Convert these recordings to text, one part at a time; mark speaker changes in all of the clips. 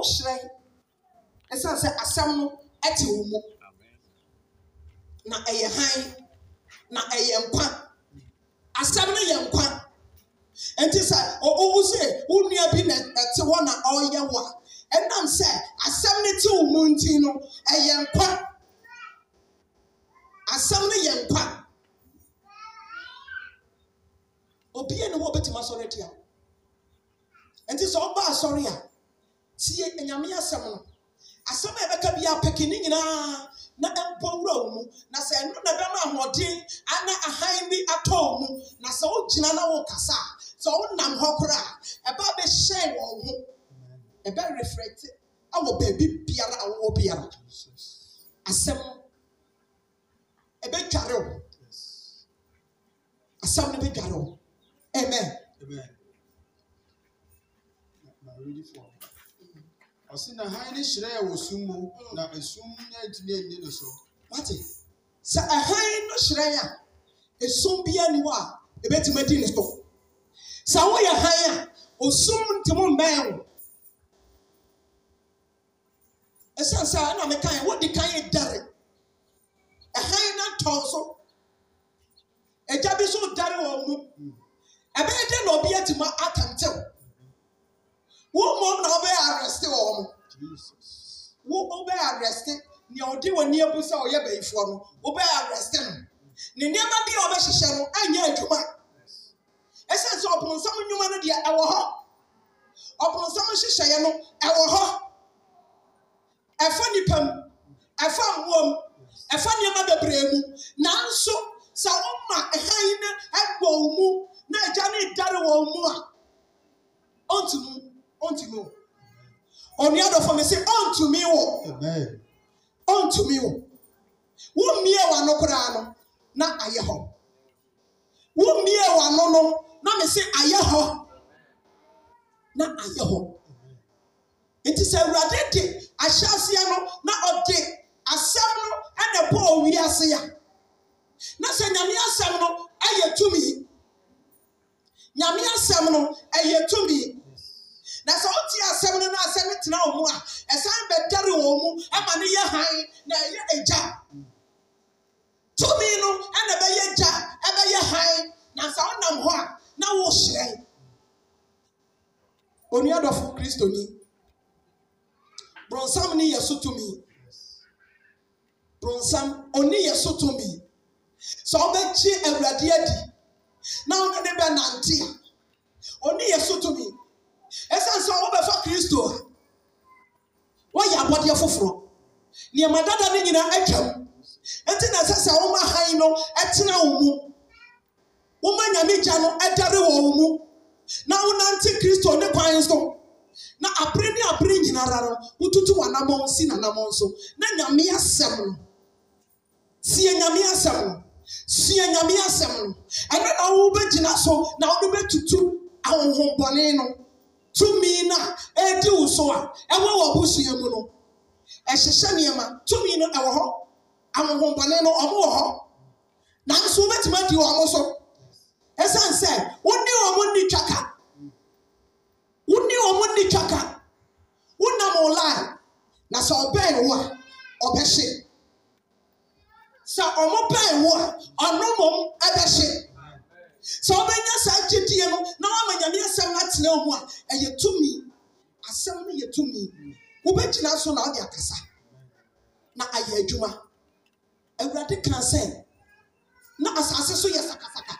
Speaker 1: wohyerɛn ɛsiane sɛ asɛm no ɛte wo mu na ɛyɛ hann na ɛyɛ nkwa asɛm no yɛ nkwa nti sɛ ɔwowu sɛ wo bi na ɛte hɔ na ɔreyɛ wo a ɛnam sɛ asɛm no te wo mu nti no ɛyɛ nkwa asɛm no yɛ nkwa Obi obia ne hɔ wobɛtumi asɔre tia nti sɛ ɔba asɔre a tie nyame asɛm no asɛm a ɛbɛka bi apɛki ne nyinaa na ɛmpɔ nwura wo mu na sɛ ɛno na ɛbɛma ahoɔden ana ahan bi atɔ wo mu na sɛ wogyina na wokasa a sɛ wonam hɔ kora a ɛba bɛhyɛn wɔ ho ɛbɛ reflect awɔ baabi biara a biara asɛm ɛbɛdware wo asɛm no bɛdware wo
Speaker 2: amen. amen ɔsi na hann ne hyerɛ yɛ wɔ sum mu na esum ne atumi enye ne so. wate sɛ ɛhan no hyerɛ yɛ a esum bi ani hɔ a ebetumi adi ne
Speaker 1: so sɛ woyɛ hann a osum ntoma mbɛn wo ɛsan sɛ ɛna meka yɛ wodi kan yɛ dare ɛhan na tɔn so ɛgya bi so dare wɔ mu ɛbɛyɛ dɛ na obi atuma atantew wo mmom na ɔbɛyɛ arɛste wɔ hɔ wo ɔbɛyɛ arɛste nea ɔde wɔ nneɛma sɛ ɔyɛ bɛyifoɔ no ɔbɛyɛ arɛste no ne nneɛma bi a ɔbɛhyehyɛ no anyɛ adwuma ɛsɛn sɛ ɔponsam nnwuma no deɛ ɛwɔ hɔ ɔponsam hyehyɛeɛ no ɛwɔ hɔ ɛfa nipa mu ɛfa mmoa mu ɛfa nneɛma bebree mu nanso sɛ ɔma ɛhan no ɛgbɔ mu na agya no redare wɔn mu a ɔntumi unto me. On the other form, say, unto me.
Speaker 2: Amen.
Speaker 1: Unto me. Wo mie wa no koraa no na ayɛ hɔ. Wo mie wa no no na me se ayɛ hɔ. Na ayɛ hɔ. Nti sɛ Awurade de ahyɛ aseɛ no na ɔde asɛm no ɛna bɔ owi ase a na sɛ nyame asɛm no ɛyɛ tumi nyame asɛm no ɛyɛ tumi na sɛ wote asɛm no no asɛm no tena wɔ mu a ɛsan bɛdare wɔ mu ama no yɛ hann na ɛyɛ agya tumi no ɛna ɛbɛyɛ gya ɛbɛyɛ hann na sɛ wonam hɔ a na wohyerɛn onua dɔfo kristoni bronsam ni yɛ so tumi bronsam oni yɛ so tumi sɛ ɔbɛkye awurade adi na ɔne ne bɛnante a ɔne yɛ so tumi ɛsiane sɛ wobɛfa kristo woayɛ abɔdeɛ foforɔ nneɛma dada no nyinaa atwam ɛnti na ɛsɛ sɛ woma hann no ɛtena wo mu woma nyame gya no ɛdare wɔ wo mu na wonante kristo ne kwan so na apere ne apere nyinara no wotutu w'anammɔn si n'anammɔn so na nyame asɛm no tie nyame asɛm no sua nyame asɛm no ɛno na wobɛgyina so na wode bɛtutu ahonhombɔne no tumi no a ɛdi so a ɛwɔ wɔ abusua mu no ɛhyehyɛ nneɛma tumi no ɛwɔ hɔ ahohombɔne no ɔmo wɔ hɔ nanso wobɛtumi adi wɔn so ɛsiane sɛ wonni wɔn nni twaka wonni wɔn nni twaka wonam online na sɛ ɔbɛn wo a ɔbɛhye sɛ ɔmo bɛn wo a ɔno mom ɛbɛhye. sɛ ɔbɛnya saa gyidie no na wama nyame asɛm no atena ho a ɛyɛ tumi asɛm no yɛ tumi wobɛgyina so na ɔde akasa na ayɛ adwuma awurade ka sɛ na asase so yɛ sakasaka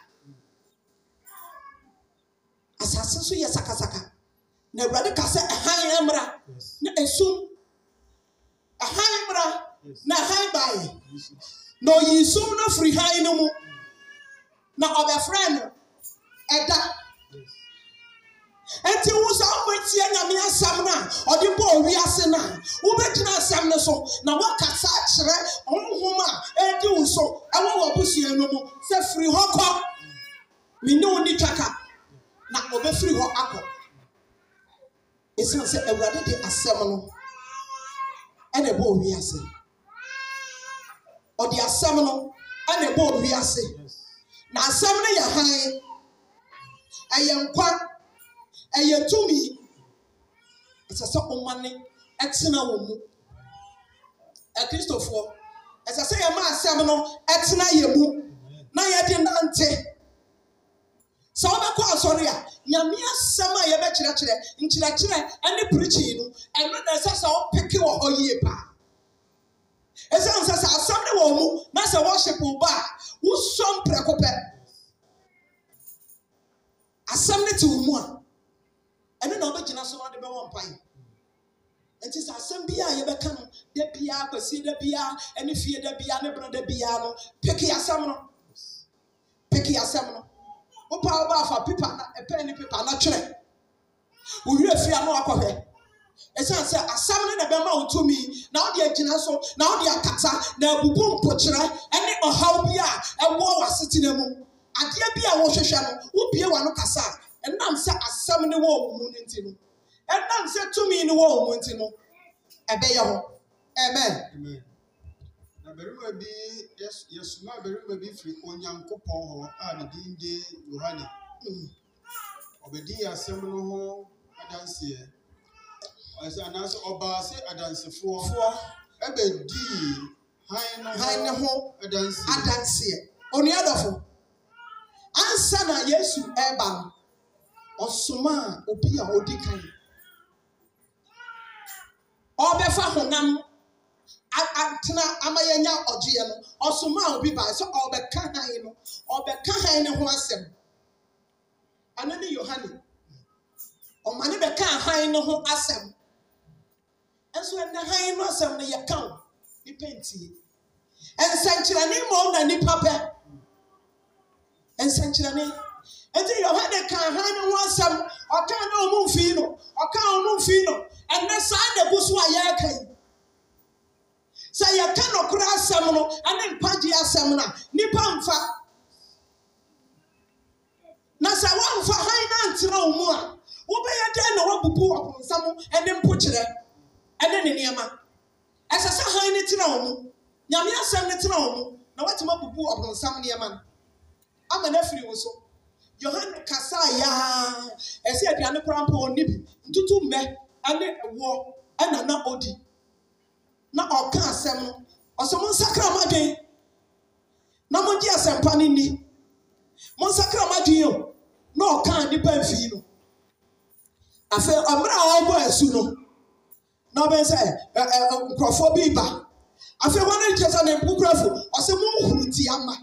Speaker 1: asase so yɛ sakasaka na awurade ka sɛ ɛhan mmra na esum ɛhan mmra na ɛhan baeɛ na ɔyi sum no firi han no mu na ɔbɛfrɛ no ɛda eti wusa ɔmo etie nyame asɛm na ɔde bɔ owi ase na wobɛgyina asɛm no so na wakasa akyerɛ ɔmohom a edi wo so ɛwɔ wɔ busua no mu sɛ firi hɔ kɔ mi ne wo ni twaka na ɔbɛfiri hɔ akɔ esan sɛ awurade de asɛm no ɛna ɛbɔ owi ase ɔde asɛm no ɛna ɛbɔ owi ase. Yes na e asɛm no yɛ hann ɛyɛ nkwa ɛyɛ tumi ɛsɛ sɛ ɔma ne ɛtena wɔ mu akristofoɔ ɛsɛ sɛ yɛma asɛm no ɛtena yɛ mu na yɛde nante sɛ wobɛkɔ asɔre a nyame asɛm a yɛbɛkyerɛkyerɛ nkyerɛkyerɛ ne pirikyi no ɛno na ɛsɛ sɛ wopeke wɔ hɔ yie paa ɛsiane sɛ sɛ asɛm ne wɔ mu na sɛ wɔhye po ba a wosɔ mprɛko pɛ asɛm ne te wo mu a ɛno na wobɛgyina so na de bɛwɔ mpae nti sɛ asɛm biara a yɛbɛka no da biara kwasie da biara ɛne fie da biara ne berɛ da biara no peki asɛm no peke asɛm no wopa wobaafa pipa na ɛpɛn ne pipa na twerɛ wo werɛ fie a na wakɔhwɛ ɛsiane sɛ asɛm no na ɛbɛma wo tumi na wode agyina so na wode akata na ebubu mpokyerɛ ɛne ɔhaw bi a ɛwɔ w'asetena mu adeɛ bi a wɔhwehwɛ no wobie w'ano kasa a ɛnam sɛ asɛm ne wɔ wo mu no no ɛnam sɛ tumi ne wɔ wo mu
Speaker 2: nti no ɛbɛyɛ hɔ amen na barima bi yɛsoma barima bi firi onyankopɔn hɔ a ne din de yohane mm. ɔbɛdi asɛm no ho adanseɛ ɛsɛ anaasɛ ɔbaa se adansefoɔ foɔ ɛbɛdii han no han ne ho adanseɛ adanseɛ onua dɔfo
Speaker 1: ansa na yesu ɛɛba no ɔsoma a obi a odi kan ɔbɛfa honam atena ama yɛnya ɔgyeɛ no ɔsoma a obi baa sɛ ɔbɛka han no ɔbɛka han ne ho asɛm ɛno ne yohane ɔma ne bɛka han ne ho asɛm nso ɛnna hann no asɛm no yɛ kan nipa ntie nsɛnkyerɛnne mmom na nipa pɛ nsɛnkyerɛnne nti yohane kan hann no ho asɛm ɔkan na ɔmo nfin no ɔkan ɔmo nfin no ɛnna saa na egu so a yɛreka yi sɛ yɛka nɔkora asɛm no ɛne mpagye asɛm no nipa nfa na sɛ wɔnfa hann na ntena ɔmo a wobɛyɛ dɛn na wɔabubu ɔponsam ɛne mpokyerɛ ɛne ne nneɛma ɛsɛ sɛ hann ne tena wɔn mu nyame asɛm ne tena wɔn mu na wɔatumi abubu ɔbɔnsam nneɛma no ama n'afiri wo so yohane kasa yaa ɛsɛ aduane koraa mpo ɔne bi ntutu mmɛ ɛne ɛwoɔ ɛna na ɔdi na ɔka asɛm no ɔsɛ nsakra mo adwen na mo gye asɛmpa no ni mo nsakra mo adwen o na ɔka nipa mfii no afei ɔmmerɛ a ɔbɔ asu no na ɔbɛn sɛ ɛ ɛ nkurɔfoɔ bi ba afei wɔn ani kyerɛ sɛ ne nkukurafo ɔsɛ mo nhuru ti ama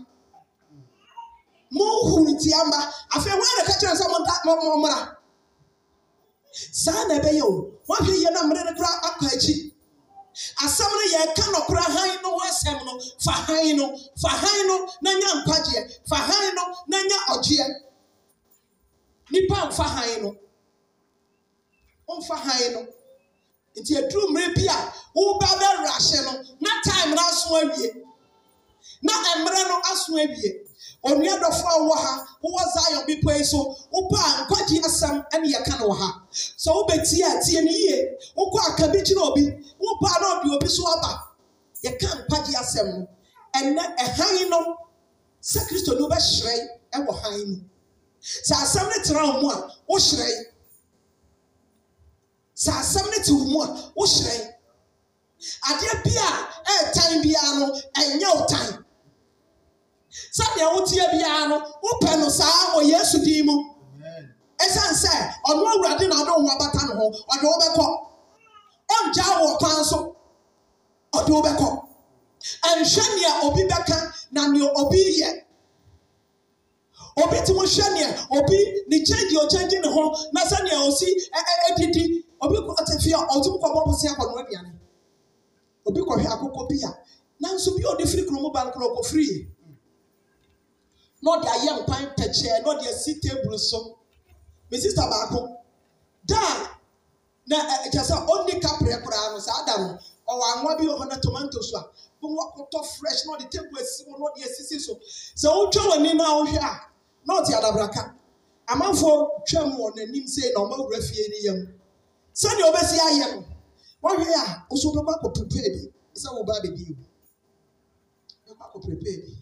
Speaker 1: mo nhuru ti ama afei wɔn ani kyerɛ sɛ mo da mo mo mra saa na ɛbɛyɛ o wɔn ahwɛ yie na mmerɛ ne kora akɔ akyi asɛm no yɛ ka no kora han no ho asɛm no fa han no fa han no na nkwagyeɛ fa han no na ɔgyeɛ nipa nfa han no nfa han no nti aduru mmerɛ bi a woba bɛwura ahyɛ no na time no aso awie na mmerɛ no aso awie onua dɔfoɔ a wowɔ ha wowɔ zion bepɔ yi so wobɔ a nkwagye asɛm ne yɛka no wɔ ha sɛ wobɛtie a tie no yie wokɔ aka bi kyerɛ obi wobɔ a na ɔde obi so aba yɛka nkwagye asɛm no ɛnɛ ɛhan no sɛ kristo no wobɛhyerɛn wɔ han mu sɛ asɛm no tena wo mu a wohyerɛn sɛ asɛm no te wo mu a wohyerɛn adeɛ bi a ɛɛtan biara no ɛnyɛ wo tan sɛdeɛ woteɛ biara no wopɛ no saa wɔ yesu din mu ɛsiane sɛ ɔno awurade na ɔde wo ho abata ne ho ɔde wo bɛkɔ ɔngyaa wɔ kwan so ɔde wo bɛkɔ ɛnhwɛ nea obi bɛka na nea obi yɛ obi te mo hwɛ nea obi ne kyɛngye okyɛngye ne ho na sɛnea osi ɛdidi obi kɔ ɔte fie a ɔtum kɔ bɔ bosia kɔ noa aduane obi kɔhwɛ akokɔ bi a nanso bi a ɔde firi kurom ba nkorɔ kɔ firi yie na ɔde ayɛ mpan pɛkyɛɛ na ɔde asi teebulu so me sista baako daa na ɛkyɛ sɛ ɔnni kaprɛ koraa no saa da no ɔwɔ anwa bi wɔ hɔ na tomato so a bɔn wakɔtɔ fresh na ɔde teebulu asi mu na ɔde asisi so sɛ ɔtwa wɔn anim na ɔhwɛ a na ɔte adabraka amanfoɔ twɛm wɔ n'anim sei na ɔmo awura fie ne yam sɛdeɛ wɔbɛsi ayɛ no wɔhwɛ a ɔso bɛba akɔ prepare bi sɛ wɔba abɛdi o bɛba akɔ prepare bi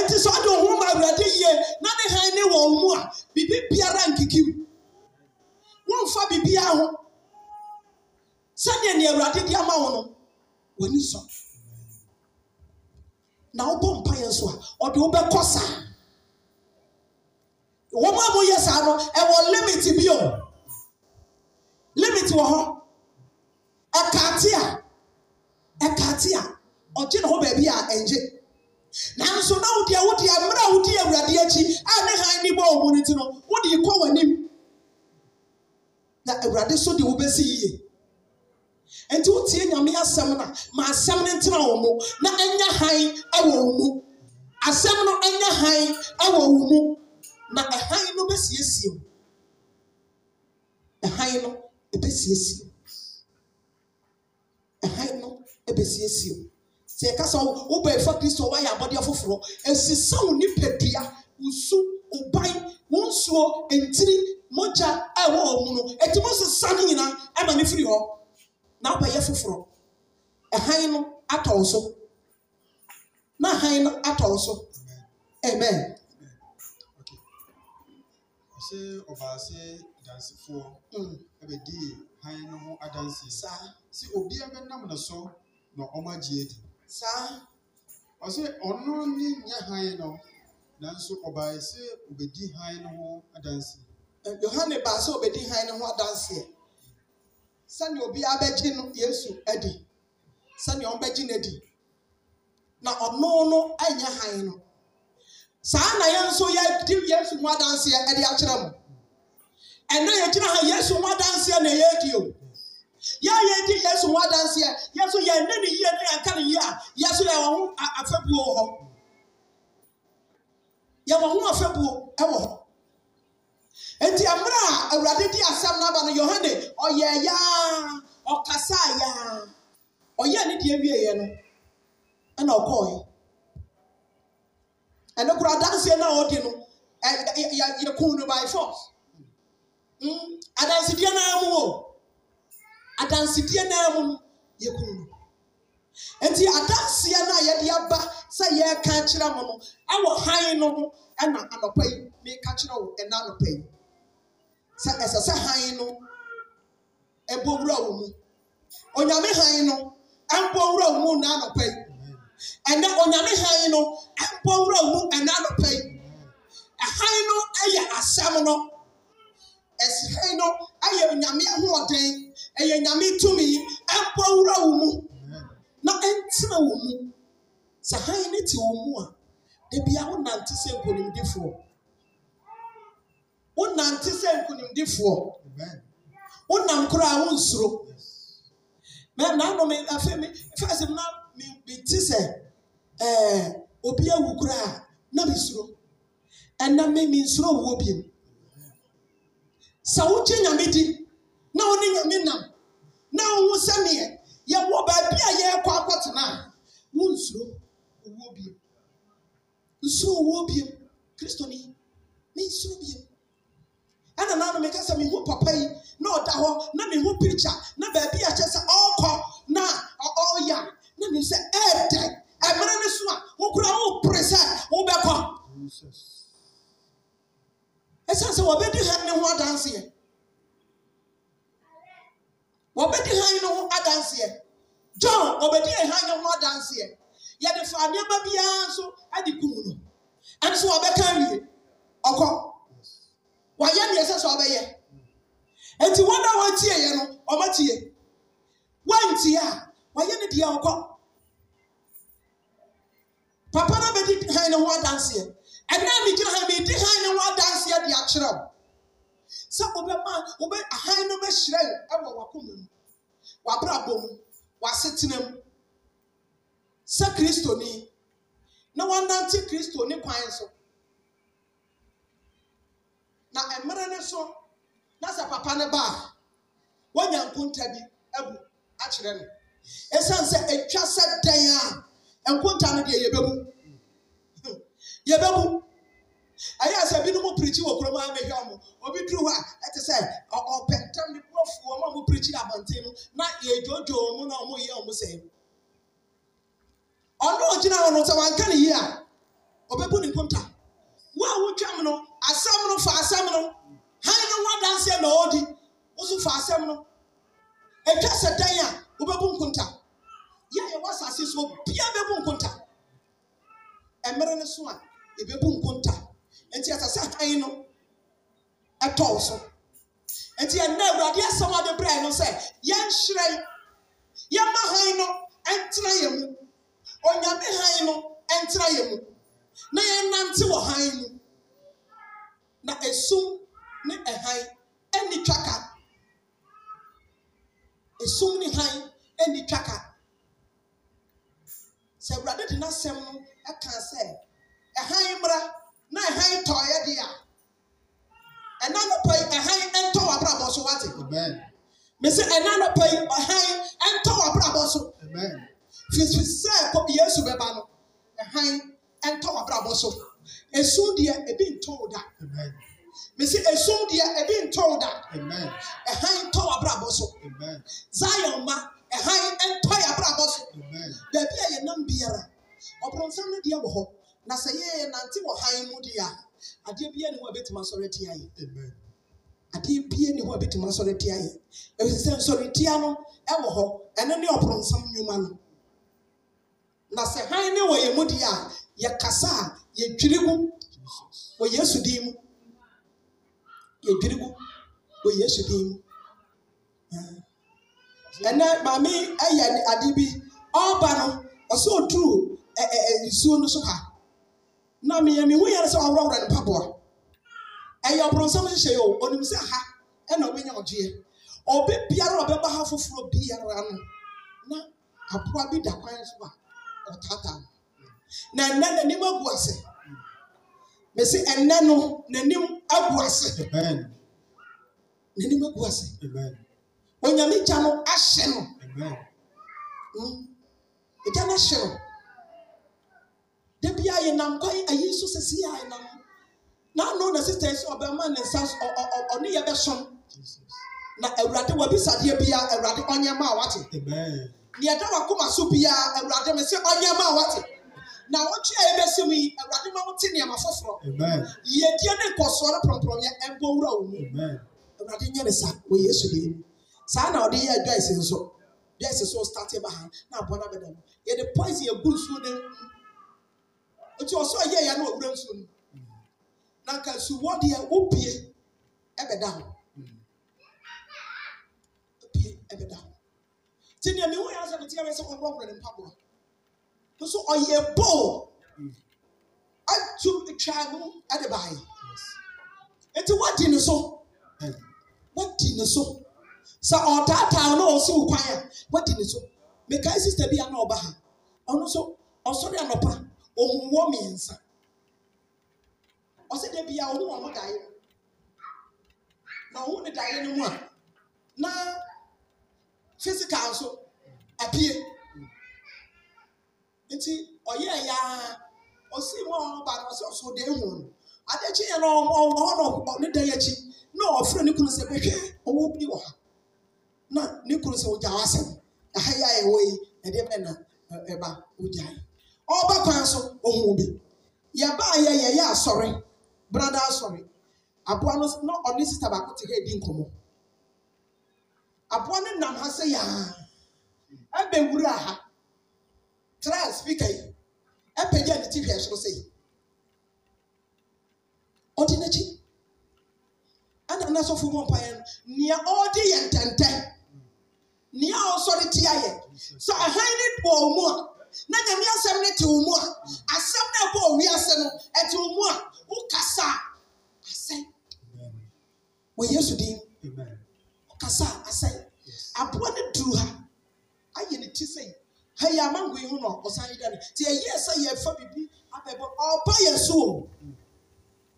Speaker 2: nti sɛ ɔde ɔho ma awurade
Speaker 1: yie na ne han ne wɔn mu a biribi biara nkikiw wɔmfa biribiara ho sɛdeɛ nea awurade de ama wo no w'ani sɔ na wobɔ mpaeɛ nso a ɔde wobɛkɔ saa wɔn a wɔyɛ saa no ɛwɔ limit bi o. wɔ hɔ ɛkaate a ɛkaate a ɔgye ne ho baabi a ɛngye nanso na wodeɛ wodeɛ mmerɛ a awurade akyi a ne han ne bɔ ɔmo no ti no kɔ na awurade so de wobɛsi yie nti wotie nyame asɛm na ma asɛm ntena na asɛm no na ɛhan no bɛsiesie ɛhan no ɛbɛsiesie ɛhan no ɛbɛsiesie sɛ yɛka sɛ wobɛ ɛfa kristo wayɛ abɔdeɛ foforɔ ɛsisa wo nipadua wosu woban wo nsuo ntiri mogya a ɛwɔ wɔ mu no ɛtumi sesa no nyinaa ɛma ne firi hɔ na wobɛyɛ foforɔ ɛhan no atɔ so na hann no atɔ so amen. Okay
Speaker 2: dansefoɔ mm. bɛdii hann no ho adanse saa sɛ obiara bɛnam ne so na wɔn agye adi saa ɔsɛ ɔno ni nyɛ hann no nanso ɔbaa sɛ obɛdi hann no ho adanse yohane baa sɛ obɛdi hann no ho adanseɛ sɛnea
Speaker 1: obiara bɛgye no yesu adi sɛnea ɔbɛgye no adi na ɔno no nyɛ hann no saa na yɛn nso yɛdi yesu ho adanseɛ de akyerɛ mo ɛna yɛgyina ha yesu ho adanseɛ na yɛredi o yɛa yɛdi yesu ho adanseɛ yɛso yɛnne ne yie ne yɛnka ne yie a yɛso yɛwɔ ho afabuo wɔ hɔ yɛwɔ ho afabuo wɔ hɔ nti mmerɛ a awurade di asɛm no aba no yohane ɔyɛɛ yaa ɔkasaa yaa ɔyɛɛ ne deɛ wieeɛ no ɛna ɔkɔɔɛ ɛno koraa adanseɛ no a ɔde no yɛkuu no by force Hmm? adansideɛ naa mu o adansideɛ naa mu yɛ kum no nti adanseɛ no a yɛde aba sɛ yɛreka kyerɛ mo no ɛwɔ hann no ho ɛna anɔpa yi meka kyerɛ wo ɛna anɔpa yi sɛ ɛsɛ sɛ hann no ɛbɔ wura wɔ mu onyame hann no ɛmbɔ wura wɔ mu na anɔpa yi ɛnɛ onyame hann no ɛmbɔ wura wɔ mu ɛna anɔpa yi ɛhan no ɛyɛ asɛm no. ɛsɛn no ayɛ nyame ahoɔden ɛyɛ nyame tumi ɛmpɔwura wo mu na ɛntena wo mu sɛ hann ne te wo mu a ebi a wonante sɛ nkonimdifoɔ wonante sɛ nkonimdifoɔ wonam koraa wonsuro nanɔ afɛsɛm na mete sɛ ɛɛ obi awu koraa na mesuro ɛnam me mensuro wuo biom sɛ wogye nyame di na wo ne nyame nam na wohu sɛneɛ yɛwɔ baabi a yɛrekɔ akɔtena a bi, owuo bio nsuro bi, bio kristo ni mensuro bio ɛna naano meka sɛ mehu papa yi na ɔda hɔ na mehu pirikya na baabi a kyɛ sɛ ɔrekɔ na yɛde fa nneɛma biara nso adi kum no nso ɔbɛka awie ɔkɔ wayɛ deɛ ɛsɛ sɛ ɔbɛyɛ nti wɔn a wɔntie yɛ no ɔmɛtie wɔntie a wayɛ ne deɛ ɔkɔ papa na bɛdi hann ne ho adanseɛ ɛnna mi gyina hann mi di hann ne ho adanseɛ de akyerɛw sɛ ɔbɛma ɔbɛ hann no bɛhyerɛn ɛwɔ wakoma mu wabrabɔ mu wasetena sɛ kristoni na wɔnante kristoni kwan so na mmerɛ ne so na sɛ papa ne ba a wɔnya nkonta bi abu akyerɛ no ɛsiane sɛ atwa sɛ dɛn a nkonta no deɛ yɛbɛbu yɛbɛbu ɛyɛ sɛ binom pirikyi wɔ kurom a mehwɛ mo obi duru hɔ a ɛte sɛ ɔpɛ ntɛm ne kurɔfoɔ ma mo pirikyi abɔnten no na yɛdwoodwoo mu na ɔmo yɛ ɔmo sɛ mu ɔno ɔgyina hɔ no sɛ wanka ne yie a ɔbɛbu ne nkonta wo a wotwam no asɛm no fa asɛm no hann no ho adanseɛ na ɔɔdi woso fa asɛm no ɛtwa sɛ dan a wobɛbu nkonta yɛ a yɛwɔ asase so obia bɛbu nkonta ɛmmerɛ no so a ɛbɛbu nkonta nti asase hann no ɛtɔw so nti ɛnna awurade asɛm a de brɛ no sɛ yɛnhyerɛn yɛma hann no ɛntena yɛn mu onyame hann no ntena yɛ mu na yɛnante wɔ hann mu na esum ne ɛhan ɛni twaka esum ne hann ɛni twaka sɛ awurade de n'asɛm no ɛka sɛ ɛhan mmra na ɛhan tɔɔyɛ de a ɛna nopɛ yi ɛhan ntɔ wɔ abrabɔ so wate mesi ɛna nopɛ yi ɛhan ntɔ wɔ abrabɔ so. Amen fifiri sɛ ɛkɔ yesu bɛba no ɛhan ɛntɔ abrabɔ so esu deɛ ebi ntɔw da mesi esu deɛ ebi ntɔw da ɛhan ntɔ abrabɔ so zion ma ɛhan ntɔ yɛ abrabɔ so beebi a yɛnam biara ɔbɔnsɛm no deɛ wɔ hɔ na sɛ yɛyɛ nante wɔ han mu deɛ adeɛ biara ne ho a betuma sɔrɔ tia yɛ adeɛ bie ne ho a bituma sɔre tia yɛ efisɛ nsɔre tia no ɛwɔ hɔ ɛno ne ɔpɔnsam nnwuma no na sɛ hann ne wɔ yɛn mu deɛ a yɛkasa a yɛdwiri gu wɔ yesu din mu yɛdwiri gu wɔ yesu din mu ɛnɛ maame ɛyɛ ade bi ɔreba no ɔsɛ oduru ɛ ɛ nsuo no so ha na mmea mi hu yɛrɛ sɛ ɔworɔworɔ ne mpaboa ɛyɛ ɔbrɔnsɛm hyehyɛ yi o onim sɛ ha ɛna ɔbɛnya ɔgyeɛ ɔbɛ biara ɔbɛba ha foforɔ biara no na aboa bi da kwan so a ɔtaataa na ɛnɛ n'anim agu ase mesi ɛnɛ no n'anim agu ase n'anim agu ase onyame gya no ahyɛ no hmm? gya no ahyɛ no debi a yɛnam kwan ayi nso sisi a yɛnam n'ano na sista yi sɛ ɔbɛma ne nsa ɔ ɔ ɔne yɛ bɛ som na awurade wabi bisadeɛ bi a awurade ɔnyɛ ma a wate deɛ ɛda wakoma so biara awurade na wɔtwe a yɛbɛsi mu yi awurade ma wɔte nneɛma foforɔ yɛdie ne nkɔsoɔ no pɔmpɔm yɛ ɛbɔ wura wɔn mu awurade nyɛ ne sa wɔ yesu deɛ mu saa na ɔde yɛ adwaise nso adwaise so start ɛba ha na abɔ mu yɛde poison egu nsuo ne mu nti ɔsɔ yɛ ya na owura nsuo no na nka nsuwɔ deɛ wopie ɛbɛda ho opie hmm ti nea mehu yɛ asɛ no tia me sɛ wɔaborɔborɔ ne mpaboa no so ɔyɛ bold atum twa mu de baeɛ nti wadi ne so wadi ne so sɛ ɔtaataa na ɔsi kwan a wadi ne so mekae sista bi a na ɔba ha ɔno nso ɔsɔre anɔpa ohun wɔ mmiɛnsa ɔsɛ dɛ bia ɔno wɔn daeɛ na ɔho ne daeɛ no mu a na. physical nso apue nti ɔyɛɛ ya ɔsi mu ɔmo ba na ɔsi ɔso no yɛ ɔmo ɔmo na ɔmo ne dan akyi na ɔfrɛ ne kunu sɛ bɛhwɛ ɔwɔ bi wɔ ha na ne kunu sɛ ɔgya wasɛm na ha yɛ yi na ɛba ɔgya yi ɔba kwan so bi yaba yɛ yɛ yɛ asɔre brada asɔre aboa no na ɔne sista baako nkɔmɔ. aboa no nam ha sɛ yaa abɛwura ha tra spika yi apagya ne ti hwɛ soro sɛ yi ɔde n'akyi ɛna n'asɔfo bɔ mpaeɛ no nea ɔde yɛ ntɛntɛn nea ɔsɔre tia yɛ sɛ ahan ne bɔ ɔmo a na nyame asɛm ne te ɔmo a asɛm na ɛbɔ ɔwi ase no ɛte ɔmo a wokasa asɛn wɔ yesu din. Amen. Kasa asɛe aboa no duru ha ayɛ ne ti sɛn ha yɛ amango yi ho na ɔsan yi da no te yɛ sɛ yɛfa biribi abɛbɔ ɔba yɛ so o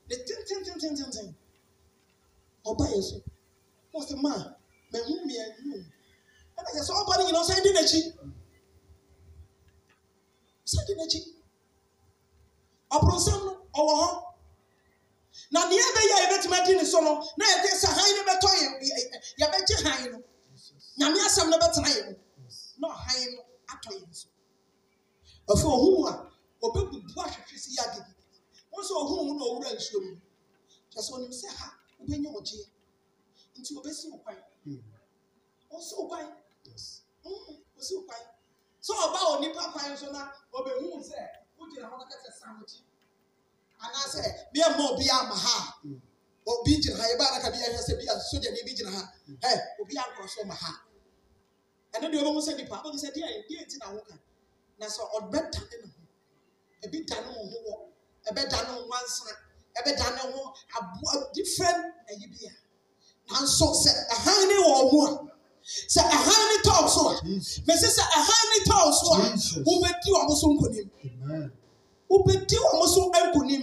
Speaker 1: ne tententententen ɔba yɛ so wɔn sɛ maa mɛhu mmienu ɛna yɛ sɛ ɔba no nyinaa ɔsan di n'akyi ɔsan di n'akyi ɔbronsam no ɔwɔ hɔ na deɛ ɛbɛyɛ a yɛbɛtumi adi ne so no na yɛde sɛ hann no bɛtɔ yɛ yɛbɛgye hann no nyame asɛm no bɛtena yɛ mu na ɔhan no atɔ yɛn so ɔfɛ ohun a ɔbɛbubu ahwehwɛ si yɛ agidi wɔn nso ohun mu na ɔwura nsuo mu kyɛ sɛ ɔnim sɛ ha ɔbɛnya ɔgyeɛ nti ɔbɛsi ɔkwan ɔsi ɔkwan ɔsi ɔkwan sɛ ɔba onipa kwan so na ɔbɛhun sɛ ɔgyina hɔ na kɛtɛ san ɔgye anaasɛ bi ama obi ama ha obi gyina ha yɛ baa naka bi ahwɛ sɛ bi a sogyani bi gyina ha ɛ obi akɔrɔ so ma ha ɛno deɛ ɔbɛn sɛ nipa ɔbɛn sɛ deɛ deɛ ti na woka na sɛ ɔbɛ da ne ho ebi da ne ho wɔ ɛbɛ da ne ho wansana ɛbɛ da ne ho aboa different ɛyi bi a nanso sɛ ɛhan ne wɔ ɔmo a sɛ ɛhan ne tɔɔ so a mɛ sɛ sɛ ɛhan ne tɔɔ so a wɔn bɛ so nkonim wobɛdi wɔn so nkunim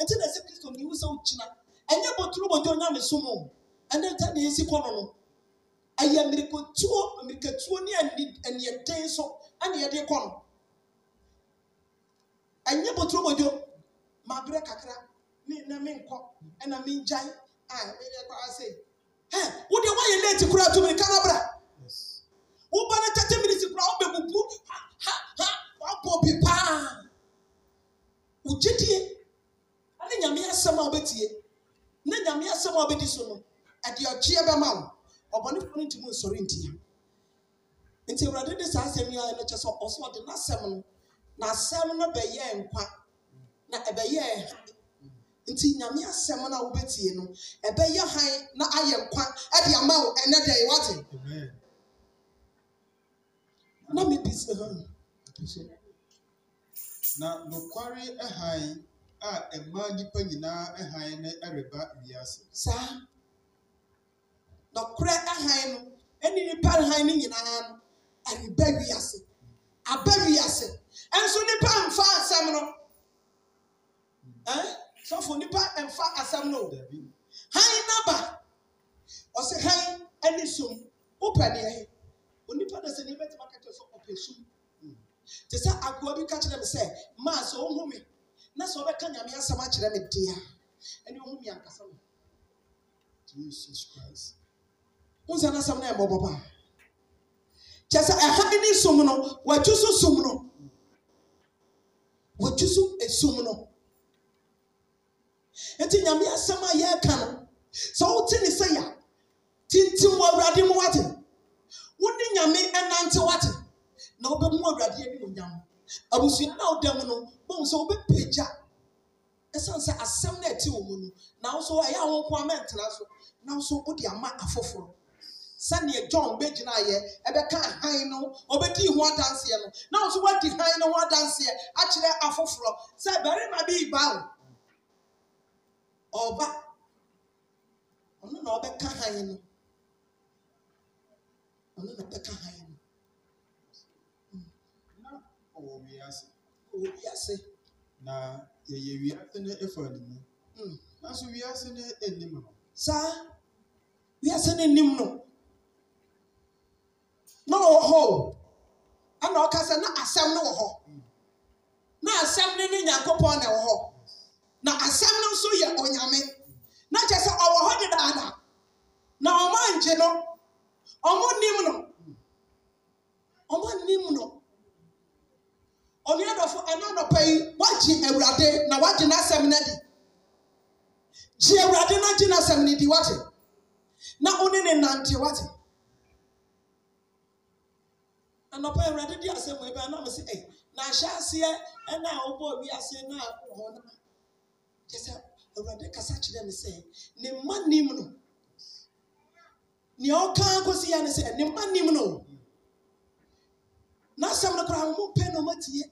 Speaker 1: nti na ɛsɛ kristo ni wusɛ wogyina ɛnyɛ bɔtoro bɔtɔ onyame som ɛnɛ nta na yɛsi kɔ no no ɛyɛ mmirikatuo mmirikatuo ne aniɛden so ɛna yɛde kɔ no ɛnyɛ bɔtoro bɔtɔ mabrɛ kakra ne na mi nkɔ ɛna mi ngyae
Speaker 2: a ɛyɛ kɔ ase
Speaker 1: ɛ wode wayɛ late koraa tu mirika no bra woba no tɛtɛ minisi koraa wobɛbubu ha ha ha wabɔ bi paa. wogyidie ne nyame asɛm a wobɛtie na nyame asɛm a wobɛdi so no ɛde ɔkyeɛ bɛma wo ɔbɔnefoɔ no ntumi nsɔre ntia nti awurade de saa asɛm yi ayɛ no kyɛ sɛ ɔso ɔde n'asɛm no n'asɛm no bɛyɛ nkwa na ɛbɛyɛ hann nti nyame asɛm no a wobɛtie no ɛbɛyɛ hann na ayɛ nkwa ɛde ama wo ɛnɛ dɛ wate
Speaker 2: na mebisa na nokware hann a mmaa nnipa nyinaa hann no reba wiase. saa nokware hann no ne nnipa hann no
Speaker 1: nyinaa no reba wiase aba wiase nso nnipa mfa asɛm no sɔfo nnipa mfa asɛm no hann naba ɔsɛ hann ne som wopɛ deɛ onipa na sɛ nneɛma tɛm akata so ɔpɛ som te sɛ akoa bi ka kyerɛ me sɛ maa sɛ ɔhu me na sɛ ɔbɛka nyame asɛm akyerɛ me dea ɛne ɔhu me ankasa no
Speaker 2: jesus christ
Speaker 1: wo sɛ n'asɛm no ɛmmɔbɔ baa kyɛ sɛ ɛha ne som no watu so som no watu so esum no nti nyame asɛm a yɛreka no sɛ wote ne sɛ ya tintim wɔ awurade mu wate wone nyame ɛnante wate na wobɛmu awurade ani abusua na no mu a wo nko ama ntena so ọ dị ama afoforɔ sɛnea john bɛgyina yɛ ɛbɛka hann no ɔbɛdi ho adanseɛ no na nso woadi hann no ọ adanseɛ akyerɛ afoforɔ sɛ barima bi ba na no na no
Speaker 2: ase obi ase na yɛyɛ wiase no ɛfa ne mu hmm. nanso wiase no anim no saa wiase no anim no
Speaker 1: na ɔwɔ hɔ o ɛna ɔka sɛ na asɛm no wɔ hɔ na asɛm no ne nyankopɔn na ɛwɔ hɔ na asɛm no nso yɛ onyame na kyerɛ sɛ ɔwɔ hɔ dedaada na ɔmo angye no ɔmo nim no ɔmo nim no ɔne adɔfo ɛna anɔpa yi wagye awurade na wagye n'asɛm no adi gye awurade na gye n'asɛm no di wate na wone ne nante wate anɔpa awurade di asɛm wɔ ebia nam sɛ ɛyi na ahyɛ aseɛ ɛna a wɔbɔ wiase na wɔn kyɛ sɛ awurade kasa kyerɛ me sɛ ni mma nim no nea ɔka akɔsi ya ne sɛ ne mma nim no a wɔn pɛ na wɔn atie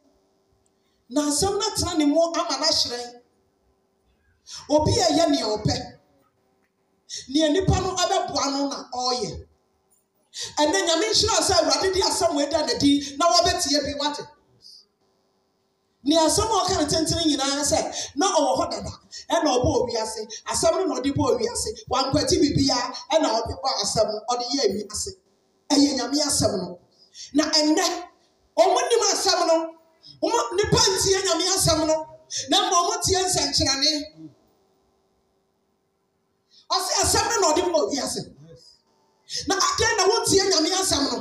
Speaker 1: na asɛm no atena ne mu ama no ahyerɛn obi a ɛyɛ nea ɔpɛ nea nipa no abɛboa no na ɔreyɛ ɛnɛ nyame nhyira sɛ awurade de asɛm ɛda n'adi na wɔabɛtie bi wate nea asɛm a ɔka no tentene nyinaa sɛ na ɔwɔ hɔ dada ɛna ɔbɔ owiase asɛm no na ɔde bɔ owiase wankwati biribiara ɛna ɔde bɔ asɛm ɔde yɛ awi ɛyɛ nyame asɛm no na ɛnɛ ɔmo nim asɛm no ɔmo nipa ntie nyame asɛm no na mma ɔmo tie nsɛnkyerɛnne ɔsi asɛm no na ɔde mu obi ase na adeɛ na wotie nyame asɛm no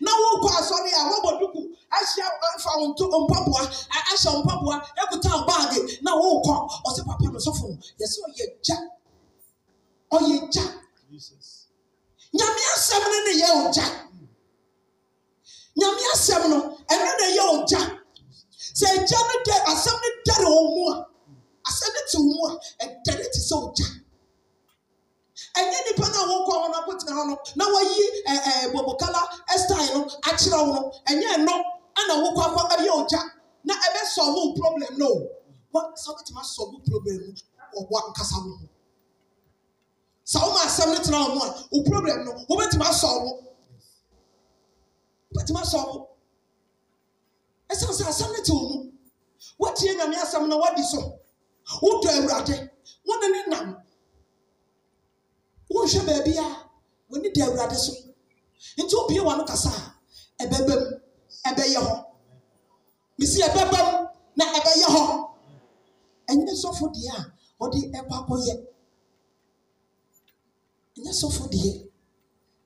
Speaker 1: na wo wokɔ asɔre a wɔbɔ duku ahyia afa mpaboa ahyɛ mpaboa ekuta baage na wokɔ ɔsi papa no sɔfo yɛsɛ ɔyɛ gya ɔyɛ gya nyame asɛm no ne yɛ ɔgya nyame asɛm no ɛno na ɛyɛ ɔgya sɛ agya no dɛ asɛm no dɛre wɔ mu a asɛm no te wo mu a ɛdɛre te sɛ ɔgya ɛnyɛ nipa no wɔkɔ hɔ no akɔtena hɔ no na wɔayi ɛɛ bɔbɔkala ɛstae no akyerɛ wo no ɛnyɛ ɛnɔ ɛna wɔkɔ akɔ ɛyɛ ɔgya na ɛbɛsɔ wo problem no wa sɛ wɔbɛtumi asɔ wo problem no ɔwɔ ankasa wo ho sɛ wɔn asɛm no tena wɔn a wo problem no wɔbɛtumi asɔ wo bàtí ma sọ ọ́ ɛsan sɛ asɛm no te wo mu wotie nyame asɛm na woadi so wodɔ awurade wone ne nam wonhwɛ baabi a w'ani da awurade so nti wobie wa no kasa a ɛbɛba mu ɛbɛyɛ hɔ mesi ɛbɛba mu na ɛbɛyɛ hɔ ɛnyɛ sɔfo deɛ a ɔde ɛkɔ akɔyɛ ɛnyɛ sɔfo deɛ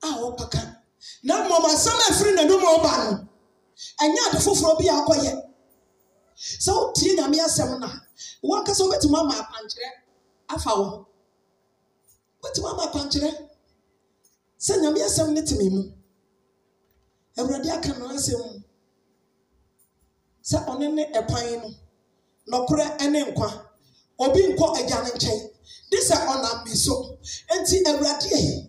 Speaker 1: a ɔkaka na mmom asɛm afiri n'anom ɔba no ɛnyɛ ade foforɔ bi akɔyɛ sɛ wotie nyame asɛm no a wankasa wobɛtumi ama akwankyerɛ afa wo ho wobɛtumi ama akwankyerɛ sɛ nyame asɛm no temi mu awurade aka na asɛm mu sɛ ɔne ne ɛkwan no nɔkorɛ ne nkwa obi nkɔ agya no nkyɛn de sɛ ɔnam me so eti awurade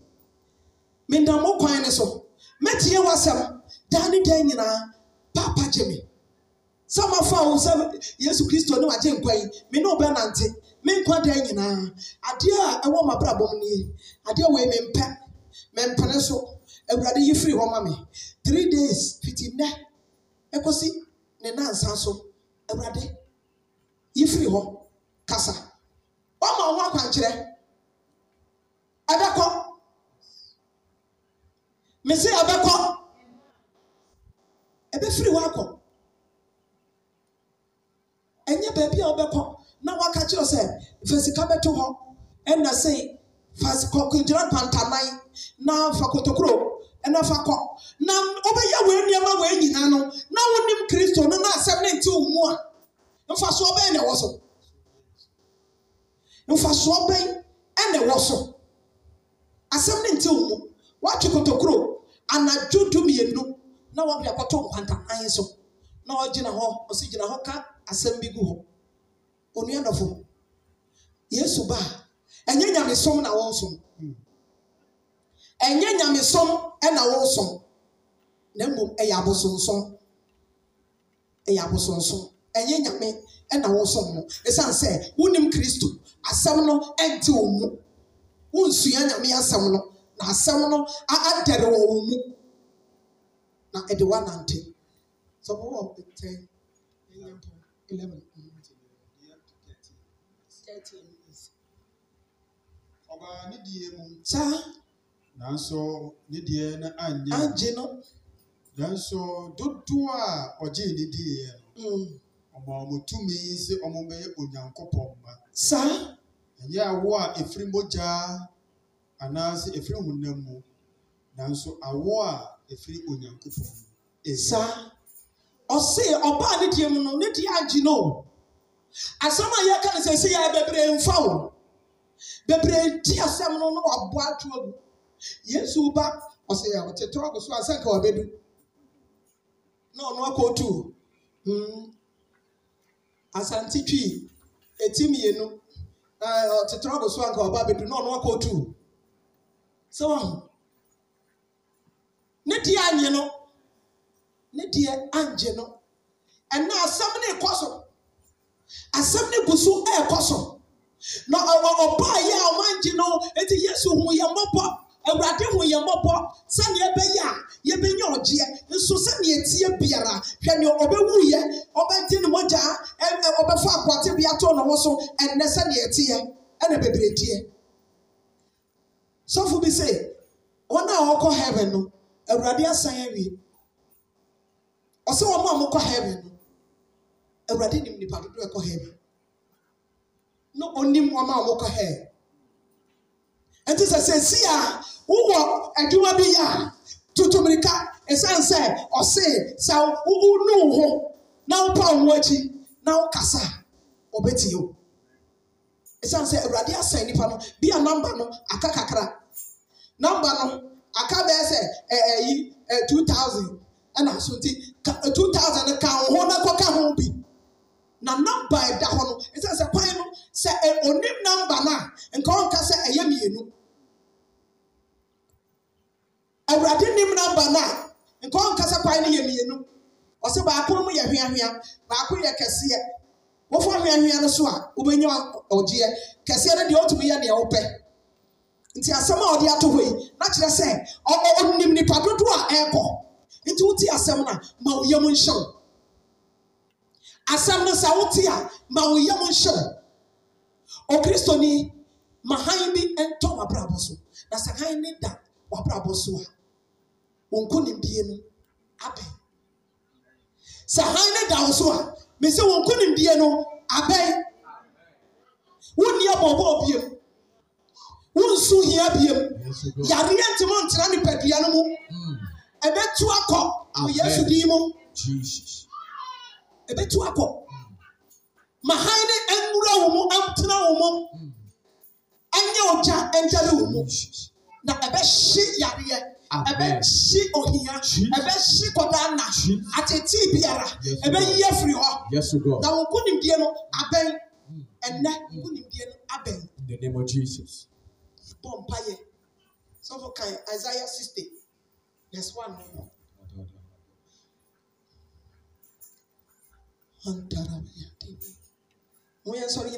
Speaker 1: mendam mo kwan ne so mɛtie w'asɛm daa ne dan nyinaa paapa gye me sɛ mafa wo sɛ yesu kristo ne wagye nkwa yi me ne wobɛnante menkwa dan nyinaa adeɛ a ɛwɔ mabrabɔm nie adeɛ wei mempɛ mempene so awurade yi firi hɔ ma me three days fiti nnɛ ɛkɔsi ne nansa so awurade yi firi hɔ kasa ɔma wo ho akwankyerɛ mesi abɛkɔ ɛbɛfiri wakɔ enye baabi a ɔbɛkɔ na waka kyerɛ sɛ fa sika bɛto hɔ ɛna sei fa kɔkɔgyina pantanan na fa kotokuro ɛna fa kɔ na ɔbɛyɛ wɔ nneɛma wɔ nyinaa no na wonim kristo no na asɛm ne nte wo mu a mfasoɔ bɛn na ɛwɔ so mfasoɔ bɛn ɛna ɛwɔ so asɛm ne nte wo mu wɔatwe kotokuro anadwo du mmienu na wɔde akɔtɔ nkwantanan so na ɔgyina hɔ ɔsi gyina hɔ ka asɛm bi gu hɔ onua nɔfo yesu ba ɛnyɛ nyamesom na wɔn som ɛnyɛ nyamesom ɛna wɔn som na mmom ɛyɛ abosonsom ɛyɛ abosonsom ɛnyɛ nyame ɛna wɔn som no esan sɛ wunim kristu, asɛm no ɛnte wɔn mu wunsua nyame asɛm no. na asɛm no adɛre wɔ wɔn mu na ɛde wa nante so ɔwɔ ten
Speaker 2: eleven. ɔbaa ne die mu. saa. nanso ne deɛ na anya. agye no. nanso dodoɔ a ɔgye ne die yɛ no. Mm. ɔmo ɔmo tumi sɛ ɔmo bɛyɛ onyankopɔn mma. saa. ɛnyɛ awo a efiri mogya. Anaasị anaasɛ ɛfiri m mu nanso awo a efiri onyankụ mu ịsa. Ọsị, ọbaa ne deɛ mu no ne deɛ agye no o
Speaker 1: asɛm a yɛka no sɛ sɛ yɛ bebree mfa wo bebree di asɛm no na waboa atwa mu yesu ba ɔsɛ yɛ ɔtetɔ ago so asɛ nka wabɛdu na ɔno akɔtu hmm asante twi eti mmienu ɔtetɔ ago so anka ɔba abɛdu na ɔno otu. sɛ wɔn ne deɛ anye no ne deɛ angye no ɛna asɛm ne kɔ so asɛm ne gu so ɛɛkɔ so na ɔwɔ ɔbaa yɛ a wangye no eti yesu hu yɛ mmɔbɔ awurade ho yɛ mmɔbɔ sɛnea ɛbɛyɛ a yɛbɛnya ɔgyeɛ nso sɛnea etie biara hwɛ nea ɔbɛwu yɛ ɔbɛdi ne mogya ɔbɛfa akwate bi ato ne ho so sɛ wɔn a wɔkɔ heaven no awurade asan awie ɔsɛ wɔn a wɔkɔ heaven no awurade nim nipa dodoɔ ɛkɔ heaven na onim wɔn a wɔkɔ heaven ɛnti sɛ sɛ si a wowɔ adwuma bi yɛ a tutumirika ɛsan sɛ ɔse sɛ wonu ho na wopa wɔn akyi na wokasa ɔbɛtie o ɛsan sɛ awurade asan nipa no bi namba no aka kakra nọmba no aka bɛyɛ sɛ ɛɛyi ɛɛ two thousand ɛna so ti two thousand eh, ka ho oh, na kɔ ka ho bi na nọmba ɛda eh, hɔ no ɛsɛ sɛ eh, kwan no sɛ ɛ onim nọmba no a nka ɔnka sɛ ɛyɛ mmienu awurade nim nọmba no a nka ɔnka sɛ kwan no yɛ mmienu ɔsɛ baako mu yɛ hwiahwia baako yɛ kɛseɛ wɔfɔ hwiahwia no so a wɔbɛnya ɔgyeɛ kɛseɛ no deɛ ɔtumi yɛ deɛ ɔpɛ nti asɛm a ɔde ato hɔ yi na kyerɛ sɛ ɔmɔ onim nipa dodoɔ a ɛrekɔ nti wote asɛm na ma wo yam nhyɛw asɛm no sɛ wote a ma wo yam nhyɛw okristoni ma bi ntɔ w'abrabɔ so na sɛ hann ne da w'abrabɔ so a wɔn nkonimdie no abɛn sɛ hann ne da wo so a mesɛ wɔn nkonimdie no abɛn wɔn nni abɔbɔ obiem wonsu hia biem yareɛ ntoma ntena nipadua no mu hmm. ɛbɛtu akɔ wɔ yesu din mu ɛbɛtu akɔ hmm. ma han ne wɔn mu ntena wɔn mu hmm. ɛnyɛ ogya ɛngyare wɔn mu na ɛbɛhye yareɛ ɛbɛhye ohia ɛbɛhye kɔdaa na atete biara ɛbɛyi afiri hɔ na wɔn ko no abɛn ɛnɛ ko no
Speaker 2: abɛn. the name of Jesus
Speaker 1: bɔ mpaeɛ sɔfo kan isaiah sixty verse one no mu.
Speaker 2: Antara bɛ yan den. Mo yɛn sɔrɔ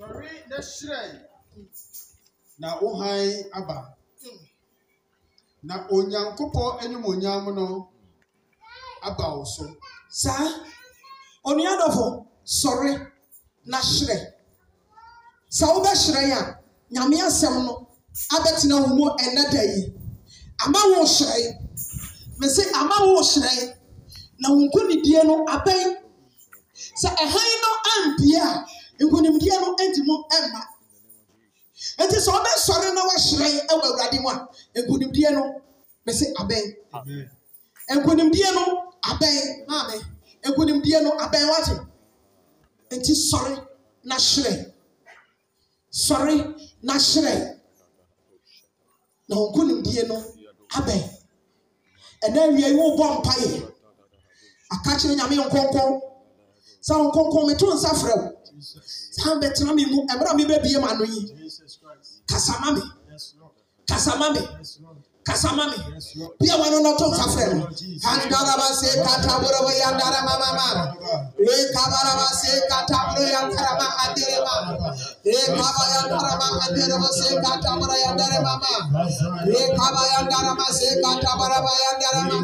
Speaker 2: Wɔre na hyerɛn na wo aba. Na Onyankopɔn animuonyam no aba wo so. saa onuadɔfo sɔre na hyerɛ
Speaker 1: sɛ wobɛhyerɛn a nyame asɛm no abɛtena nọ mu ɛnɛ da yi ama wo ama wo hyerɛn na no abɛn nkonimdie no edi mu ɛma eti sɛ ɔbɛsɔre na wahyerɛ yi ɛwɔ awurade mu a nkonimdie no bɛsi abɛn nkonimdie no abɛn maame nkonimdie no abɛn wate eti sɔre na hyerɛ sɔre na hyerɛ na nkonimdie no abɛn ɛnna awia yi wo bɔ mpa yɛ akakyere nyame nkonko saa nkonko metu nsa frɛw. saa bɛtena mi mu ɛmɛrɛ mi bɛ bie ma no yi kasama mi kasama mi kasama mi bia wɔn no nɔtɔ nfa fɛ no kandaraba se kataboro bɛ yandaraba mama ee kabaraba se kataboro yandaraba adere ma ee kaba yandaraba adere ma se kataboro yandaraba ma ee kaba yandaraba se kataboro yandaraba.